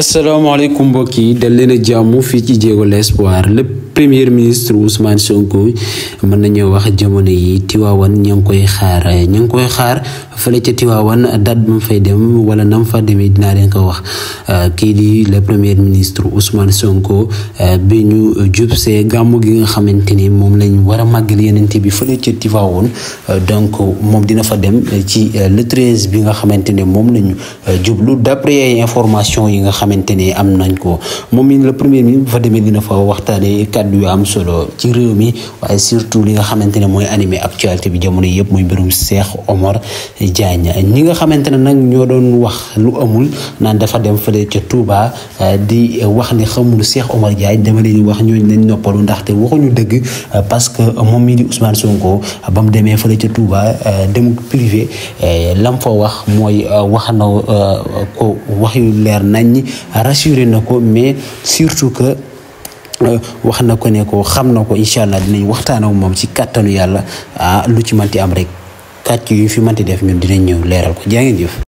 asalaamaaleykum mbokk yi dal leen a jàmm fii ci jéego l'espoir lépp premier ministre Ousmane Sonko mën nañoo wax jamono yi Tiwaawan ña ngi koy xaar ña ngi koy xaar fële ca Tiwaawan date ba mu fay dem wala nam fa demee dinaa leen ko wax kii di le premier ministre Ousmane Sonko bi ñu jub see gàmmu gi nga xamante ni moom lañ war a màggal yenente bi fële ca Tiwaawan donc moom dina fa dem ci le bi nga xamante ne moom lañu jublu d'après ay yi nga xamante ne am fa demee dina fa waxtaane kàddu yu am li nga xamante ne mooy animé actualité bi jamono yëpp mooy mbirum Cheikh Omar Diagne ñi nga xamante ne nag ñoo doon wax lu amul naan dafa dem fële ca Touba eh, di wax ni xamul Cheikh Omar Diagne dama leen wax ñooñu nañ noppalu ndaxte waxuñu dëgg eh, parce que moom mii di Ousmane Sonko eh, ba mu demee fële ca Touba dem privé lam fa wax mooy wax na ko wax leer nañ rassuré na ko mais surtout que wax na ko ne ko xam na ko incha allah dinañ waxtaan ak moom ci kàttanu yàlla ah lu ci manti am rek kàcc yu fi manti def ñun dinañ ñëw leeral ko jaa ngeen